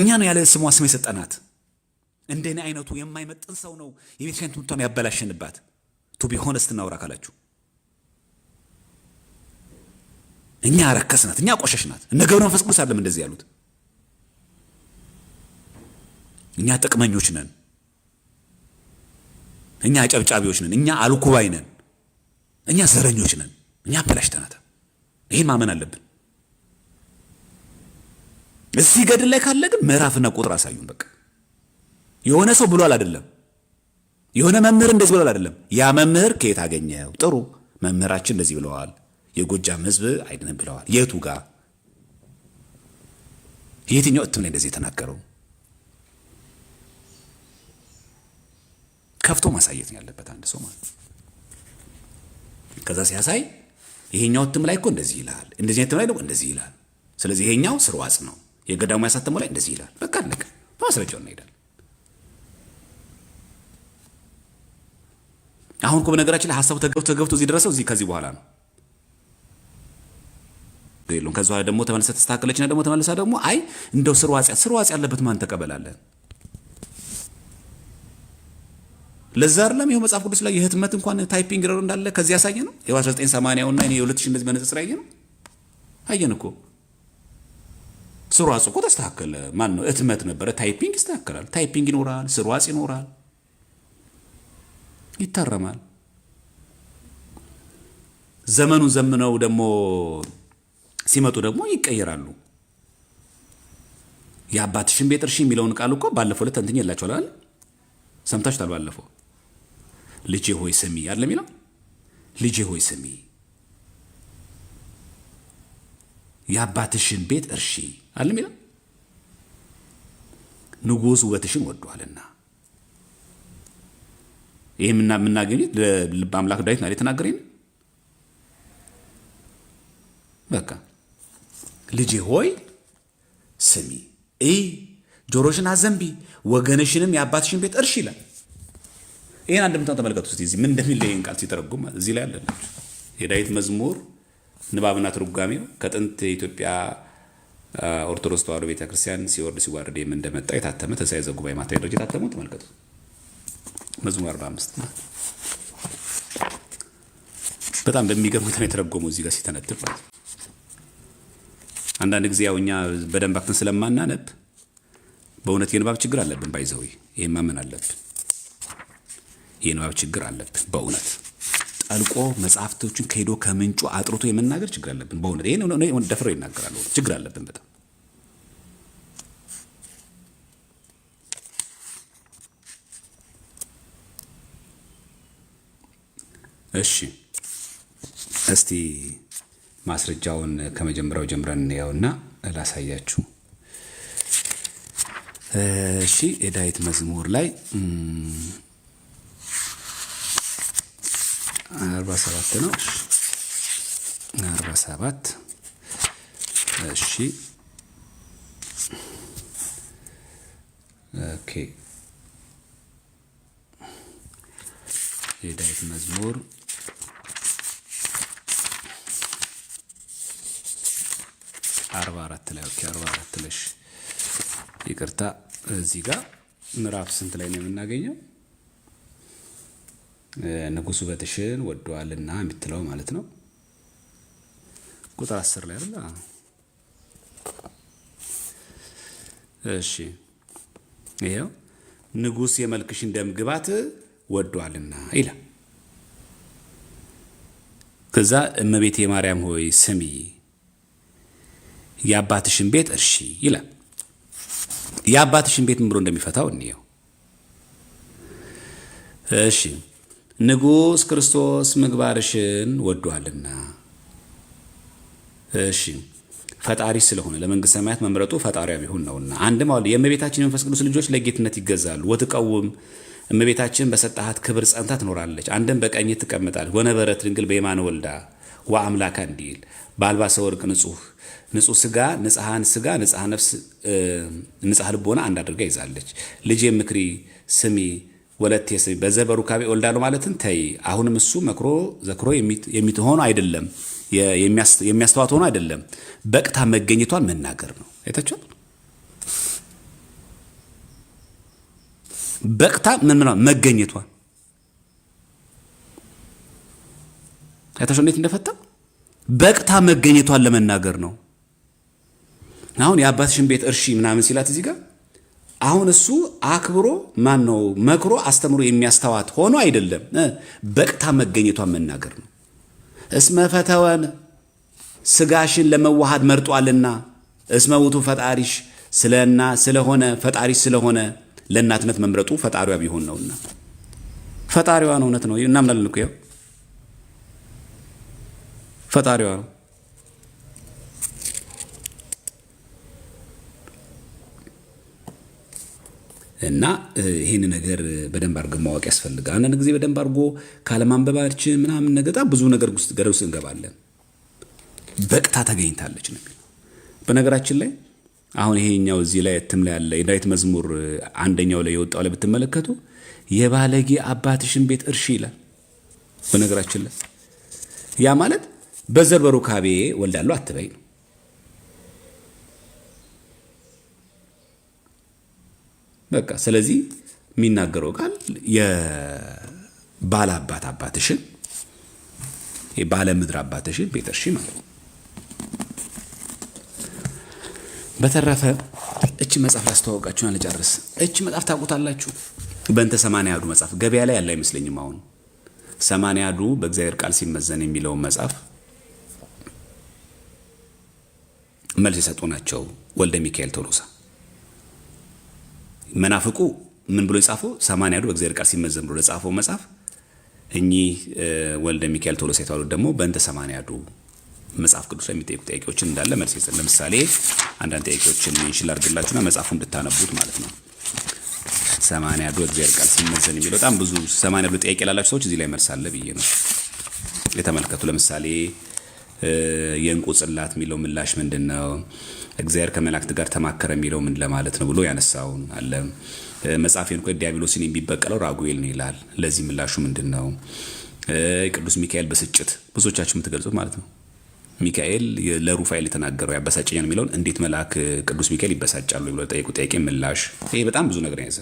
እኛ ነው ያለ ስሟ ስም የሰጠናት። እንደኔ አይነቱ የማይመጥን ሰው ነው የቤተክርስቲያን ክርስቲያን ትምህርቷን ያበላሸንባት። ቱ ቢ ሆነስት እናውራ ካላችሁ እኛ ረከስናት፣ እኛ ቆሸሽናት። እነ ገብረ መንፈስ ቅዱስ አለም እንደዚህ ያሉት። እኛ ጥቅመኞች ነን፣ እኛ አጨብጫቢዎች ነን፣ እኛ አልኩባይ ነን፣ እኛ ዘረኞች ነን፣ እኛ አበላሽተናት። ይህን ማመን አለብን። እዚህ ገድል ላይ ካለ ግን ምዕራፍና ቁጥር አሳዩን። በቃ የሆነ ሰው ብሏል አይደለም፣ የሆነ መምህር እንደዚህ ብሏል አይደለም። ያ መምህር ከየት አገኘው? ጥሩ መምህራችን እንደዚህ ብለዋል፣ የጎጃም ህዝብ አይድንም ብለዋል። የቱ ጋር የትኛው እትም ላይ እንደዚህ የተናገረው? ከፍቶ ማሳየት ነው ያለበት አንድ ሰው ማለት ከዛ ሲያሳይ ይሄኛው እትም ላይ እኮ እንደዚህ ይላል፣ እንደዚህ እትም ላይ እንደዚህ ይላል። ስለዚህ ይሄኛው ስርዋጽ ነው የገዳሙ ያሳተመው ላይ እንደዚህ ይላል። በቃ አለቀ። በማስረጃው እንሄዳለን። አሁን እኮ በነገራችን ላይ ሀሳቡ ተገብቶ ተገብቶ እዚህ ደረሰው። እዚህ ከዚህ በኋላ ነው የለውም። ከዚ ደግሞ ተመለሰ ተስተካከለችና ደግሞ ተመለሳ ደግሞ አይ እንደው ስር ዋጽ ስር ዋጽ ያለበት ማን ተቀበላለን። ለዛ አይደለም ይኸው መጽሐፍ ቅዱስ ላይ የህትመት እንኳን ታይፒንግ ረር እንዳለ ከዚህ ያሳየ ነው። የ1980 እና የ2000 እንደዚህ በነጽጽር ያየ ነው። አየን እኮ ስሯጽ እኮ ተስተካከለ። ማን ነው እትመት ነበረ። ታይፒንግ ይስተካከላል። ታይፒንግ ይኖራል። ስሯጽ ይኖራል። ይታረማል። ዘመኑን ዘምነው ደግሞ ሲመጡ ደግሞ ይቀየራሉ። የአባትሽን ቤት እርሺ የሚለውን ቃል እኮ ባለፈው ዕለት እንትን የላችኋል። ሰምታችሁታል። ባለፈው ልጄ ሆይ ስሚ አለ የሚለው ልጄ ሆይ ስሚ የአባትሽን ቤት እርሺ አለም ይላል። ንጉሥ ውበትሽን ወዷልና ይህ የምናገኘት ልብ አምላክ ዳዊት ነው የተናገረኝ። በቃ ልጄ ሆይ ስሚ፣ እይ፣ ጆሮሽን አዘንቢ፣ ወገንሽንም የአባትሽን ቤት እርሽ ይላል። ይህን አንድምታ ተመልከቱ። እዚህ ምን እንደሚል ይህን ቃል ሲተረጉም እዚህ ላይ አለ የዳዊት መዝሙር ንባብና ትርጓሜው ከጥንት የኢትዮጵያ ኦርቶዶክስ ተዋሕዶ ቤተክርስቲያን ሲወርድ ሲዋርድ የምን እንደመጣ የታተመ ተስፋዬ ዘጉባኤ ማታ ደረጃ የታተሙ ተመልከቱ። መዝሙር 45 በጣም በሚገርም ሁኔታ የተረጎመው እዚህ ጋር ሲተነትብ ማለት ነው። አንዳንድ ጊዜ ያው እኛ በደንብ አክትን ስለማናነብ በእውነት የንባብ ችግር አለብን። ባይዘዊ ይህ ማመን አለብን። የንባብ ችግር አለብን በእውነት ጠልቆ መጽሐፍቶችን ከሄዶ ከምንጩ አጥርቶ የመናገር ችግር አለብን። በእውነት ይህን ደፍረው ይናገራሉ። ችግር አለብን በጣም እሺ እስቲ ማስረጃውን ከመጀመሪያው ጀምረን እንየውና ላሳያችሁ። እሺ የዳዊት መዝሙር ላይ አርባ ሰባት ነው። አርባ ሰባት እሺ። ኦኬ የዳዊት መዝሙር አርባ አራት ላይ ኦኬ፣ አርባ አራት ላይ ይቅርታ፣ እዚህ ጋር ምዕራፍ ስንት ላይ ነው የምናገኘው? ንጉሱ በትሽን ወደዋልና የምትለው ማለት ነው። ቁጥር አስር ላይ አይደል? እሺ ይኸው ንጉስ የመልክሽን ደም ግባት ወዷልና ይላል። ከዛ እመቤቴ ማርያም ሆይ ስሚ የአባትሽን ቤት እርሺ ይላል። የአባትሽን ቤት ምን ብሎ እንደሚፈታው እንየው። እሺ ንጉሥ ክርስቶስ ምግባርሽን ወዷልና። እሺ ፈጣሪ ስለሆነ ለመንግሥተ ሰማያት መምረጡ ፈጣሪያ ቢሆን ነውና። አንድም አሉ የእመቤታችን የመንፈስ ቅዱስ ልጆች ለጌትነት ይገዛሉ። ወትቀውም እመቤታችን በሰጣሃት ክብር ጸንታ ትኖራለች። አንድም በቀኝ ትቀምጣለች። ወነበረት ድንግል በየማን ወልዳ ወአምላካ እንዲል በአልባሰ ወርቅ ንጹህ ንጹህ ስጋ ንጽሐን ስጋ ንጽሐ ነፍስ ንጽሐ ልቦና አንድ አድርጋ ይዛለች። ልጄ ምክሪ ስሚ ወለት በዘ በሩካቤ ወልዳሉ ማለትን ተይ። አሁንም እሱ መክሮ ዘክሮ የሚትሆኑ አይደለም የሚያስተዋት ሆኖ አይደለም በቅታ መገኘቷን መናገር ነው። አይታችኋል። በቅታ ምን ምን መገኘቷን አይታችኋል። እንዴት እንደፈታ በቅታ መገኘቷን ለመናገር ነው። አሁን የአባትሽን ቤት እርሺ ምናምን ሲላት እዚህ ጋር አሁን እሱ አክብሮ ማን ነው መክሮ አስተምሮ የሚያስተዋት ሆኖ አይደለም፣ በቅታ መገኘቷን መናገር ነው። እስመ ፈተወን ስጋሽን ለመዋሃድ መርጧልና እስመ ውእቱ ፈጣሪሽ ስለና ስለሆነ ፈጣሪሽ ስለሆነ ለእናትነት መምረጡ ፈጣሪዋ ቢሆን ነውና ፈጣሪዋን እውነት ነው እናምናለን እኮ ያው ፈጣሪዋ ነው። እና ይህን ነገር በደንብ አድርገን ማወቅ ያስፈልጋል። አንዳንድ ጊዜ በደንብ አድርጎ ካለማንበባችን ምናምን ነገጣ ብዙ ነገር ውስጥ ገደል ውስጥ እንገባለን። በቅታ ተገኝታለች ነው። በነገራችን ላይ አሁን ይሄኛው እዚህ ላይ እትም ላይ ያለ የዳዊት መዝሙር አንደኛው ላይ የወጣው ላይ ብትመለከቱ የባለጌ አባትሽን ቤት እርሺ ይላል። በነገራችን ላይ ያ ማለት በዘር በሩካቤ ወልዳለሁ አትበይ ነው። በቃ ስለዚህ የሚናገረው ቃል የባለ አባት አባትሽን የባለ ምድር አባትሽን ቤተርሺ ማለት ነው። በተረፈ እች መጽሐፍ ላስተዋወቃችሁን አልጨርስ። እች መጽሐፍ ታውቁታላችሁ። በእንተ ሰማንያ መጽሐፍ ገበያ ላይ ያለ አይመስለኝም። አሁን ሰማንያ በእግዚአብሔር ቃል ሲመዘን የሚለውን መጽሐፍ መልስ የሰጡ ናቸው ወልደ ሚካኤል ቶሎሳ መናፍቁ ምን ብሎ የጻፈው ሰማንያዱ ያሉ በእግዚአብሔር ቃል ሲመዘን ብሎ ለጻፈው መጽሐፍ እኚህ ወልደ ሚካኤል ቶሎሳ የተባሉት ደግሞ በእንተ ሰማንያዱ መጽሐፍ ቅዱስ ላይ የሚጠይቁ ጥያቄዎችን እንዳለ መልስ ይሰጥ። ለምሳሌ አንዳንድ ጥያቄዎችን እንሽል አድርግላችሁና መጽሐፉ እንድታነቡት ማለት ነው። ሰማንያዱ እግዚአብሔር ቃል ሲመዘን የሚለው በጣም ብዙ ሰማንያዱ ጥያቄ ላላችሁ ሰዎች እዚህ ላይ መልስ አለ ብዬ ነው የተመለከቱ። ለምሳሌ የእንቁ ጽላት የሚለው ምላሽ ምንድን ነው? እግዚአብሔር ከመላእክት ጋር ተማከረ የሚለው ምን ለማለት ነው ብሎ ያነሳውን አለ። መጽሐፌን ዲያብሎስን የሚበቀለው ራጉኤል ነው ይላል። ለዚህ ምላሹ ምንድን ነው? ቅዱስ ሚካኤል ብስጭት ብዙዎቻችሁ የምትገልጹት ማለት ነው። ሚካኤል ለሩፋኤል የተናገረው ያበሳጨኛል የሚለውን እንዴት መልአክ ቅዱስ ሚካኤል ይበሳጫሉ ብሎ ጠየቁ ጥያቄ ምላሽ ይሄ በጣም ብዙ ነገር ያዘ።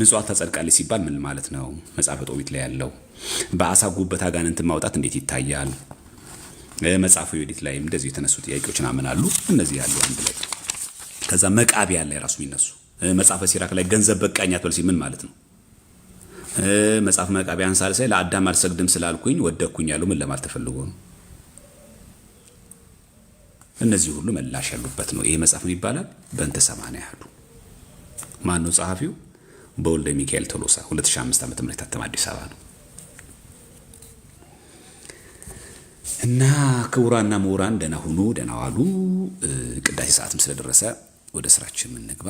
ምጽዋት ታጸድቃለች ሲባል ምን ማለት ነው? መጽሐፈ ጦቢት ላይ ያለው በአሳ ጉበት አጋንንትን ማውጣት እንዴት ይታያል? መጽሐፈ ዩዲት ላይም እንደዚህ የተነሱ ጥያቄዎችን አመናሉ። እነዚህ ያሉ አንድ ላይ ከዛ መቃቢያን ላይ ራሱ የሚነሱ መጽሐፈ ሲራክ ላይ ገንዘብ በቃኝ አትበል ምን ማለት ነው? መጽሐፈ መቃቢያን ሳልሳይ ለአዳም አልሰግድም ስላልኩኝ ወደኩኝ ያሉ ምን ለማለት ተፈልጎ ነው? እነዚህ ሁሉ መላሽ ያሉበት ነው። ይሄ መጽሐፍ ይባላል በእንተ ሰማንያ ያሉ ማን ነው ጸሐፊው? በወልደ ሚካኤል ቶሎሳ 2005 ም ታተመ አዲስ አበባ ነው። እና ክቡራና ምሁራን ደህና ሁኑ፣ ደህና ዋሉ። ቅዳሴ ሰዓትም ስለደረሰ ወደ ስራችን እንግባ።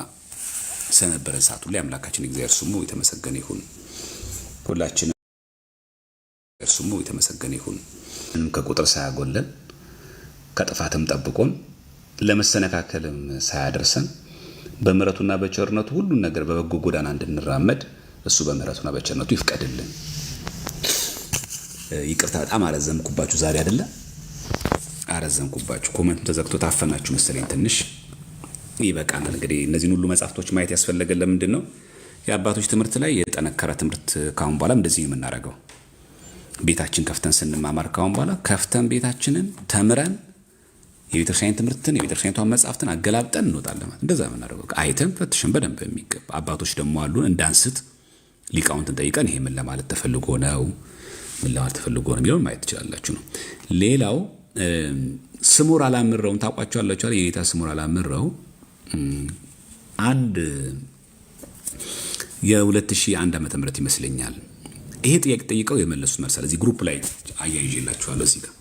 ሰነበረን ሰዓት ላይ አምላካችን እግዚአብሔር ስሙ የተመሰገነ ይሁን። ሁላችንም ስሙ የተመሰገነ ይሁን። ከቁጥር ሳያጎለን ከጥፋትም ጠብቆን ለመሰነካከልም ሳያደርሰን በምሕረቱና በቸርነቱ ሁሉን ነገር በበጎ ጎዳና እንድንራመድ እሱ በምሕረቱና በቸርነቱ ይፍቀድልን። ይቅርታ በጣም አረዘምኩባችሁ። ዛሬ አይደለ አረዘምኩባችሁ። ኮመንቱ ተዘግቶ ታፈናችሁ መሰለኝ ትንሽ ይበቃናል። እንግዲህ እነዚህን ሁሉ መጽሐፍቶች ማየት ያስፈለገን ለምንድን ነው? የአባቶች ትምህርት ላይ የጠነከረ ትምህርት ካሁን በኋላ እንደዚህ የምናደርገው ቤታችን ከፍተን ስንማማር ካሁን በኋላ ከፍተን ቤታችንን ተምረን የቤተክርስቲያን ትምህርትን የቤተክርስቲያኒቷን መጽሐፍትን አገላብጠን እንወጣለን። እንደዛ የምናደርገው አይተን ፈትሽን በደንብ የሚገባ አባቶች ደግሞ አሉን እንዳንስት ሊቃውንትን ጠይቀን ይሄ ምን ለማለት ተፈልጎ ነው ምን ለማለት ተፈልጎ ነው የሚለውን ማየት ትችላላችሁ ነው። ሌላው ስሙር አላምረውን ታውቋቸዋላችኋል። የጌታ ስሙር አላምረው አንድ የ2001 ዓ ም ይመስለኛል ይሄ ጥያቄ ጠይቀው የመለሱት መልሳል። እዚህ ግሩፕ ላይ አያይዤላችኋለሁ። እዚህ ጋር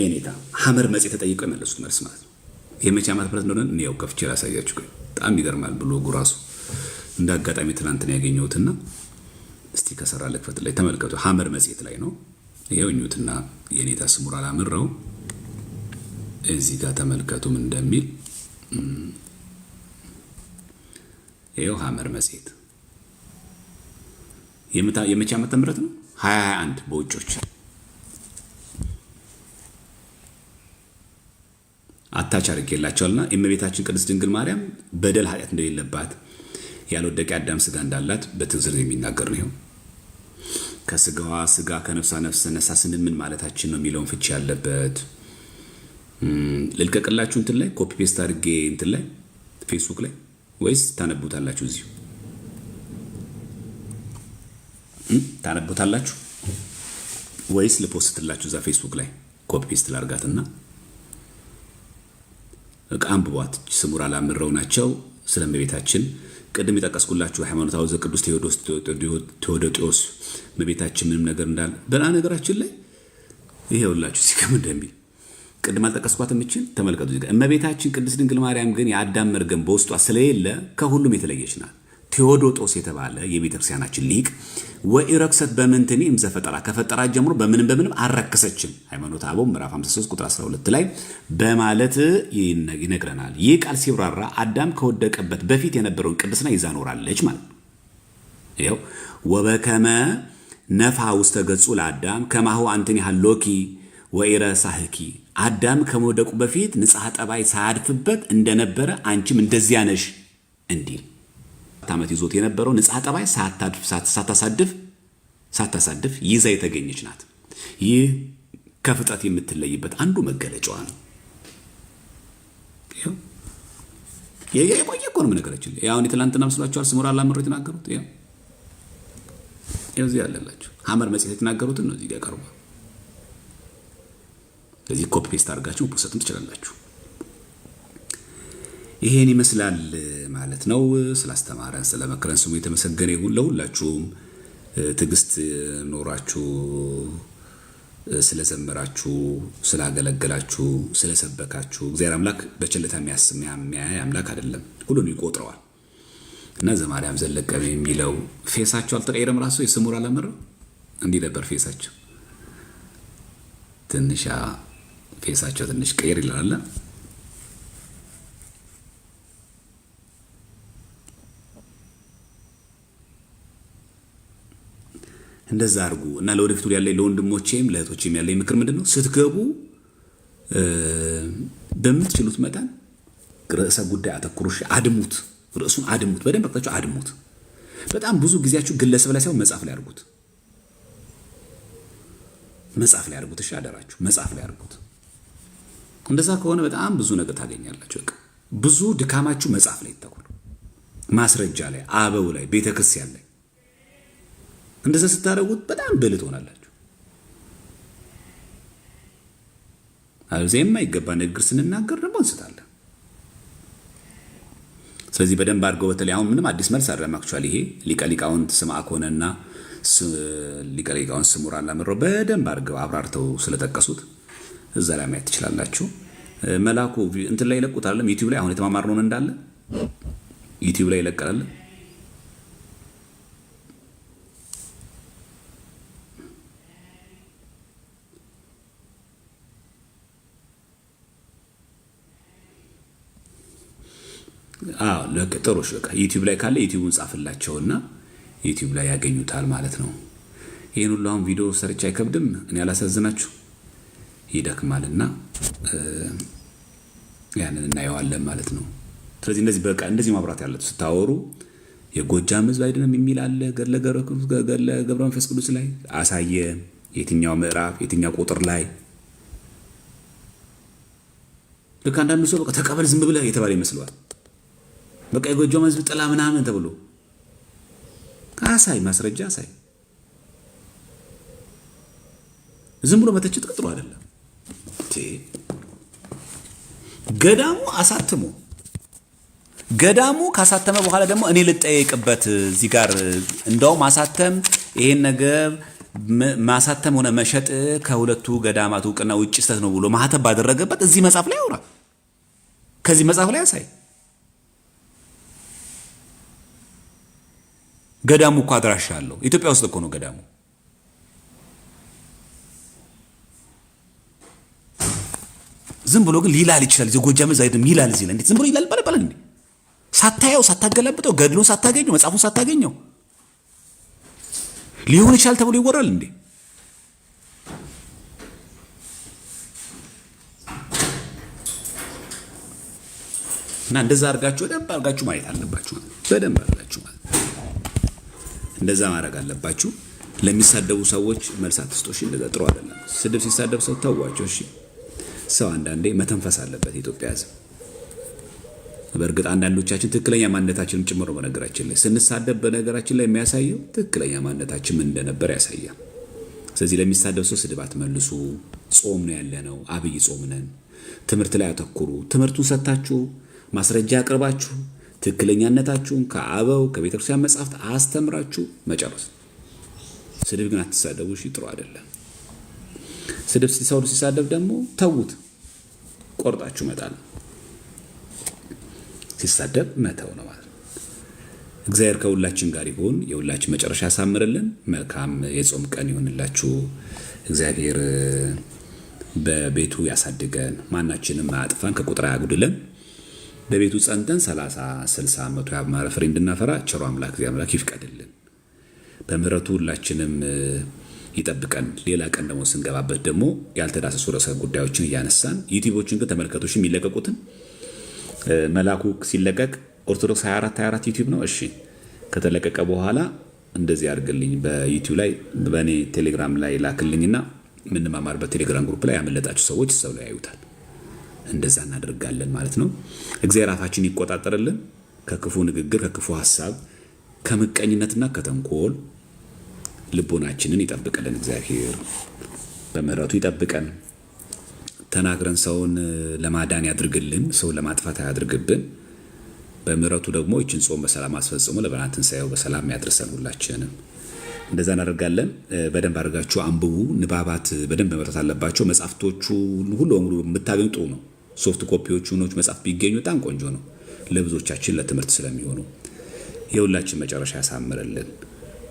የኔታ ሐመር መጽሔት ተጠይቀው የመለሱት መልስ ማለት ነው። የመቼ ዓመት ምረት እንደሆነ እኔ ያው ከፍቼ ላሳያችሁ። በጣም ይገርማል ብሎ ጉራሱ እንደ አጋጣሚ ትናንትን ያገኘሁትና እስቲ ከሰራ ልክፈት ላይ ተመልከቱ። ሀመር መጽሔት ላይ ነው ይሄው እኙትና የኔታ ስሙር አላምረው እዚህ ጋር ተመልከቱም እንደሚል ይሄው ሀመር መጽሔት የመቼ ዓመተ ምህረት ነው? 2021 በውጮች አታች አድርጌላቸዋልና የእመቤታችን ቅድስት ድንግል ማርያም በደል ኃጢአት እንደሌለባት ያልወደቀ አዳም ስጋ እንዳላት በትንዝር የሚናገር ነው። ከስጋዋ ስጋ ከነፍሷ ነፍስ ተነሳ ስንል ምን ማለታችን ነው የሚለውን ፍቺ ያለበት ልልቀቅላችሁ እንትን ላይ ኮፒ ፔስት አድርጌ እንትን ላይ ፌስቡክ ላይ ወይስ ታነቡታላችሁ? እዚሁ ታነቡታላችሁ ወይስ ልፖስትላችሁ እዛ ፌስቡክ ላይ ኮፒ ፔስት ላርጋትና እቃ አንብቧት። ስሙር አላምረው ናቸው ስለመቤታችን ቅድም የጠቀስኩላችሁ ሃይማኖታዊ ዘቅዱስ ቴዎዶጦስ በቤታችን ምንም ነገር እንዳለ በላ ነገራችን ላይ ይሄውላችሁ ሲከም እንደሚል ቅድም አልጠቀስኳት የምችል ተመልከቱ። እመቤታችን ቅድስት ድንግል ማርያም ግን የአዳም መርገም በውስጧ ስለሌለ ከሁሉም የተለየች ናት። ቴዎዶጦስ የተባለ የቤተክርስቲያናችን ሊቅ ወኢረክሰት በምንትኒ እምዘፈጠራ ከፈጠራ ጀምሮ በምንም በምንም አረከሰችም ሃይማኖተ አበው ምዕራፍ 53 ቁጥር 12 ላይ በማለት ይነግረናል። ይህ ቃል ሲብራራ አዳም ከወደቀበት በፊት የነበረውን ቅድስና ይዛ ኖራለች ማለት ነው። ወበከመ ነፋ ውስተ ገጹ ለአዳም ከማሁ አንትን ሃሎኪ ወኢረሳህኪ አዳም ከመውደቁ በፊት ንጽሐ ጠባይ ሳያድፍበት እንደነበረ አንቺም እንደዚያ ነሽ እንዲል ሰባት ዓመት ይዞት የነበረው ንጽሐ ጠባይ ሳታሳድፍ ሳታሳድፍ ይዛ የተገኘች ናት። ይህ ከፍጥረት የምትለይበት አንዱ መገለጫዋ ነው። የቆየ እኮ ነው የምነግራችሁ። አሁን የትላንትና መስሏችኋል። ስሙራ አላምሮ የተናገሩት እዚህ ያለላችሁ ሀመር መጽሔት የተናገሩትን ነው እዚህ ጋር ቀርቧል። ለዚህ ኮፒ ፔስት አድርጋችሁ መፖሰትም ትችላላችሁ። ይሄን ይመስላል ማለት ነው። ስላስተማረን ስለመከረን ስሙ የተመሰገነ ይሁን። ለሁላችሁም ትዕግስት ኖራችሁ ስለዘመራችሁ፣ ስላገለገላችሁ፣ ስለሰበካችሁ እግዚአብሔር አምላክ በቸልታ የሚያይ አምላክ አይደለም፣ ሁሉን ይቆጥረዋል እና ዘማርያም ዘለቀም የሚለው ፌሳቸው አልተቀየረም። ራሱ የስሙር አላመረ እንዲህ ነበር ፌሳቸው ትንሻ ፌሳቸው ትንሽ ቀየር ይላል። እንደዛ አድርጉ እና ለወደፊቱ ያለኝ ለወንድሞቼም ለእህቶቼም ያለኝ ምክር ምንድን ነው? ስትገቡ በምትችሉት መጠን ርዕሰ ጉዳይ አተኩሩ። አድሙት፣ ርዕሱን አድሙት፣ በደንብ አቅጣጫው አድሙት። በጣም ብዙ ጊዜያችሁ ግለሰብ ላይ ሳይሆን መጽሐፍ ላይ አድርጉት። መጽሐፍ ላይ አድርጉት። እሺ፣ አደራችሁ መጽሐፍ ላይ አድርጉት። እንደዛ ከሆነ በጣም ብዙ ነገር ታገኛላችሁ። ብዙ ድካማችሁ መጽሐፍ ላይ ይተኩል። ማስረጃ ላይ፣ አበው ላይ፣ ቤተክርስቲያን ላይ እንደዛ ስታደርጉት በጣም ብልህ ትሆናላችሁ። አለበለዚያ የማይገባ ንግግር ስንናገር ደግሞ እንስታለን። ስለዚህ በደንብ አድርገው በተለይ አሁን ምንም አዲስ መልስ አይደለም። ይሄ ሊቀሊቃውንት ስምዐ ኮነና ሊቀሊቃውንት ስሙራ ላምረው በደንብ አድርገው አብራርተው ስለጠቀሱት እዛ ላይ ማየት ትችላላችሁ። መላኩ እንትን ላይ ይለቁታል፣ ዩቲዩብ ላይ አሁን የተማማርነውን እንዳለ ዩቲዩብ ላይ ይለቀላል። ለቅጥሮች በቃ ዩቲዩብ ላይ ካለ ዩቲዩብን ጻፍላቸውና ዩቲዩብ ላይ ያገኙታል ማለት ነው። ይህን ሁሉ አሁን ቪዲዮ ሰርች አይከብድም። እኔ አላሳዝናችሁ ይደክማልና ያንን እናየዋለን ማለት ነው። ስለዚህ እንደዚህ በቃ እንደዚህ ማብራት ያለት ስታወሩ የጎጃም ህዝብ አይደለም የሚል አለ ገድለ ገብረ መንፈስ ቅዱስ ላይ አሳየ። የትኛው ምዕራፍ የትኛው ቁጥር ላይ ልክ አንዳንዱ ሰው በቃ ተቀበል ዝም ብለህ የተባለ ይመስለዋል። በቃ የጎጆ መዝብ ጥላ ምናምን ተብሎ አሳይ ማስረጃ አሳይ። ዝም ብሎ መተቸት ቅጥሩ አይደለም። ገዳሙ አሳትሞ ገዳሙ ካሳተመ በኋላ ደግሞ እኔ ልጠየቅበት እዚህ ጋር እንደውም ማሳተም ይሄን ነገር ማሳተም ሆነ መሸጥ ከሁለቱ ገዳማት እውቅና ውጭ ስተት ነው ብሎ ማህተብ ባደረገበት እዚህ መጽሐፍ ላይ ያውራ። ከዚህ መጽሐፍ ላይ አሳይ። ገዳሙ እኮ አድራሻ አለው። ኢትዮጵያ ውስጥ እኮ ነው ገዳሙ። ዝም ብሎ ግን ሊላል ይችላል። ጎጃም እዛ አይደለም ይላል፣ እዚህ ላይ ዝም ብሎ ይላል? ባለባለ እንዴ ሳታየው ሳታገላብጠው ገድሎን ሳታገኘው መጽሐፉን ሳታገኘው ሊሆን ይችላል ተብሎ ይወራል እንዴ? እና እንደዛ አድርጋችሁ በደንብ አድርጋችሁ ማየት አለባችሁ በደንብ እንደዛ ማድረግ አለባችሁ። ለሚሳደቡ ሰዎች መልስ አትስጡ። እሺ፣ እንደዛ ጥሩ አይደለም። ስድብ ሲሳደብ ሰው ተዋቸው። እሺ፣ ሰው አንዳንዴ መተንፈስ አለበት። ኢትዮጵያ ሕዝብ በእርግጥ አንዳንዶቻችን ትክክለኛ ማንነታችንም ጭምሮ በነገራችን ላይ ስንሳደብ በነገራችን ላይ የሚያሳየው ትክክለኛ ማንነታችን ምን እንደነበር ያሳያል። ስለዚህ ለሚሳደብ ሰው ስድብ አትመልሱ። ጾም ነው ያለ ነው፣ አብይ ጾም ነን። ትምህርት ላይ አተኩሩ። ትምህርቱን ሰጥታችሁ ማስረጃ አቅርባችሁ ትክክለኛነታችሁን ከአበው ከቤተክርስቲያን መጽሐፍት አስተምራችሁ መጨረስ። ስድብ ግን አትሳደቡ፣ እሺ? ጥሩ አይደለም። ስድብ ሲሰሩ ሲሳደብ ደግሞ ተዉት፣ ቆርጣችሁ መጣል። ሲሳደብ መተው ነው ማለት ነው። እግዚአብሔር ከሁላችን ጋር ይሁን። የሁላችን መጨረሻ ያሳምርልን። መልካም የጾም ቀን ይሆንላችሁ። እግዚአብሔር በቤቱ ያሳድገን፣ ማናችንም አያጥፋን፣ ከቁጥር አያጉድለን። በቤቱ ጸንተን 30 60 መቶ ያማረ ፍሬ እንድናፈራ ቸሮ አምላክ እግዚአብሔር አምላክ ይፍቀድልን። በምህረቱ ሁላችንም ይጠብቀን። ሌላ ቀን ደግሞ ስንገባበት ደግሞ ያልተዳሰሱ ርዕሰ ጉዳዮችን እያነሳን ዩቲዩቦችን ግን ተመልከቶች የሚለቀቁትን መላኩ ሲለቀቅ ኦርቶዶክስ 24 24 ዩቲዩብ ነው። እሺ ከተለቀቀ በኋላ እንደዚህ አድርግልኝ በዩቲዩብ ላይ በእኔ ቴሌግራም ላይ ላክልኝና የምንማማርበት በቴሌግራም ግሩፕ ላይ ያመለጣችሁ ሰዎች ሰው ላይ ያዩታል። እንደዛ እናደርጋለን ማለት ነው። እግዚአብሔር አፋችን ይቆጣጠርልን ከክፉ ንግግር፣ ከክፉ ሀሳብ፣ ከምቀኝነትና ከተንኮል ልቦናችንን ይጠብቅልን። እግዚአብሔር በምሕረቱ ይጠብቀን። ተናግረን ሰውን ለማዳን ያድርግልን። ሰውን ለማጥፋት አያድርግብን። በምሕረቱ ደግሞ ይችን ጾም በሰላም አስፈጽሞ ለብርሃነ ትንሣኤው በሰላም ያድርሰን። ሁላችንም እንደዛ እናደርጋለን። በደንብ አድርጋችሁ አንብቡ። ንባባት በደንብ መምረት አለባቸው። መጽሐፍቶቹ ሁሉ በሙሉ የምታገኙ ጥሩ ነው። ሶፍት ኮፒዎቹ ኖች መጽሐፍ ቢገኙ በጣም ቆንጆ ነው፣ ለብዙዎቻችን ለትምህርት ስለሚሆኑ የሁላችን መጨረሻ ያሳምርልን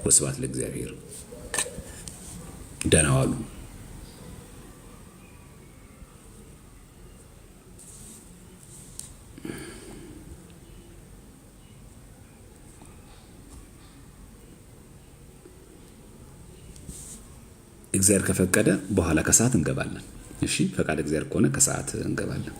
ወስብሐት ለእግዚአብሔር። ደህና ዋሉ። እግዚአብሔር ከፈቀደ በኋላ ከሰዓት እንገባለን። እሺ ፈቃድ እግዚአብሔር ከሆነ ከሰዓት እንገባለን።